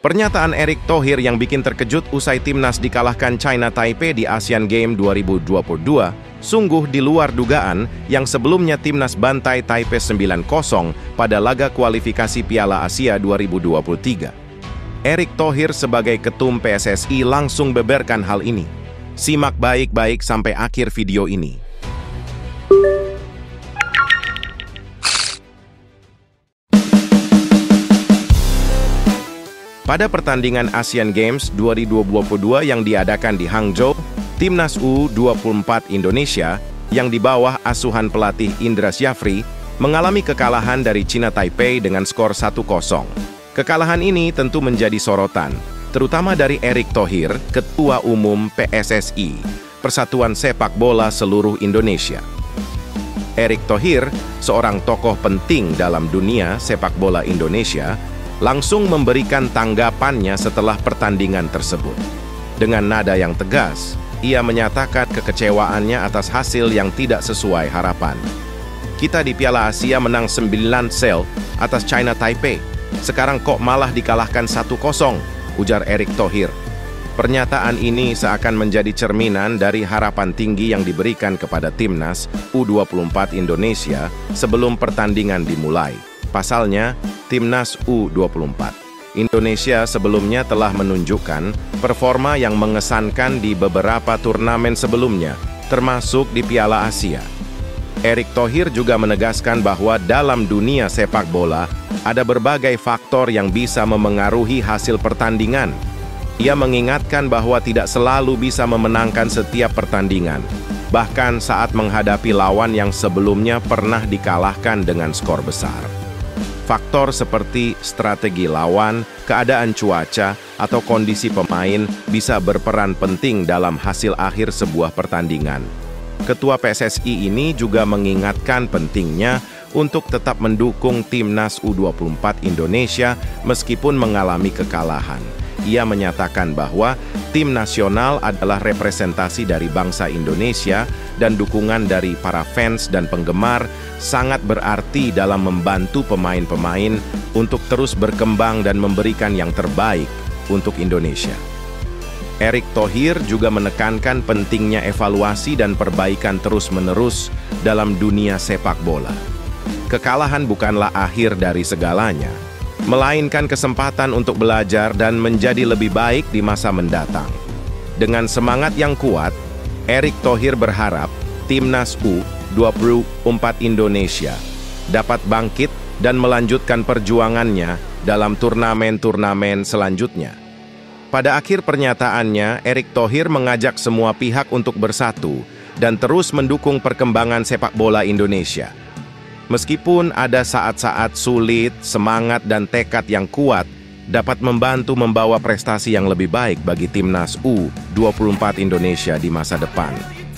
Pernyataan Erick Thohir yang bikin terkejut usai timnas dikalahkan China Taipei di Asian Games 2022 sungguh di luar dugaan yang sebelumnya timnas bantai Taipei 9-0 pada laga kualifikasi Piala Asia 2023. Erick Thohir sebagai ketum PSSI langsung beberkan hal ini. Simak baik-baik sampai akhir video ini. Pada pertandingan Asian Games 2022 yang diadakan di Hangzhou, Timnas U24 Indonesia yang di bawah asuhan pelatih Indra Syafri mengalami kekalahan dari China Taipei dengan skor 1-0. Kekalahan ini tentu menjadi sorotan, terutama dari Erick Thohir, Ketua Umum PSSI, Persatuan Sepak Bola Seluruh Indonesia. Erick Thohir, seorang tokoh penting dalam dunia sepak bola Indonesia, langsung memberikan tanggapannya setelah pertandingan tersebut. Dengan nada yang tegas, ia menyatakan kekecewaannya atas hasil yang tidak sesuai harapan. Kita di Piala Asia menang 9 sel atas China Taipei. Sekarang kok malah dikalahkan 1-0, ujar Erick Thohir. Pernyataan ini seakan menjadi cerminan dari harapan tinggi yang diberikan kepada timnas U24 Indonesia sebelum pertandingan dimulai. Pasalnya, Timnas U24. Indonesia sebelumnya telah menunjukkan performa yang mengesankan di beberapa turnamen sebelumnya, termasuk di Piala Asia. Erick Thohir juga menegaskan bahwa dalam dunia sepak bola ada berbagai faktor yang bisa memengaruhi hasil pertandingan. Ia mengingatkan bahwa tidak selalu bisa memenangkan setiap pertandingan, bahkan saat menghadapi lawan yang sebelumnya pernah dikalahkan dengan skor besar. Faktor seperti strategi lawan, keadaan cuaca, atau kondisi pemain bisa berperan penting dalam hasil akhir sebuah pertandingan. Ketua PSSI ini juga mengingatkan pentingnya untuk tetap mendukung timnas U24 Indonesia meskipun mengalami kekalahan ia menyatakan bahwa tim nasional adalah representasi dari bangsa Indonesia dan dukungan dari para fans dan penggemar sangat berarti dalam membantu pemain-pemain untuk terus berkembang dan memberikan yang terbaik untuk Indonesia. Erick Thohir juga menekankan pentingnya evaluasi dan perbaikan terus-menerus dalam dunia sepak bola. Kekalahan bukanlah akhir dari segalanya, melainkan kesempatan untuk belajar dan menjadi lebih baik di masa mendatang. Dengan semangat yang kuat, Erick Thohir berharap Timnas U24 Indonesia dapat bangkit dan melanjutkan perjuangannya dalam turnamen-turnamen selanjutnya. Pada akhir pernyataannya, Erick Thohir mengajak semua pihak untuk bersatu dan terus mendukung perkembangan sepak bola Indonesia. Meskipun ada saat-saat sulit, semangat dan tekad yang kuat dapat membantu membawa prestasi yang lebih baik bagi timnas U24 Indonesia di masa depan.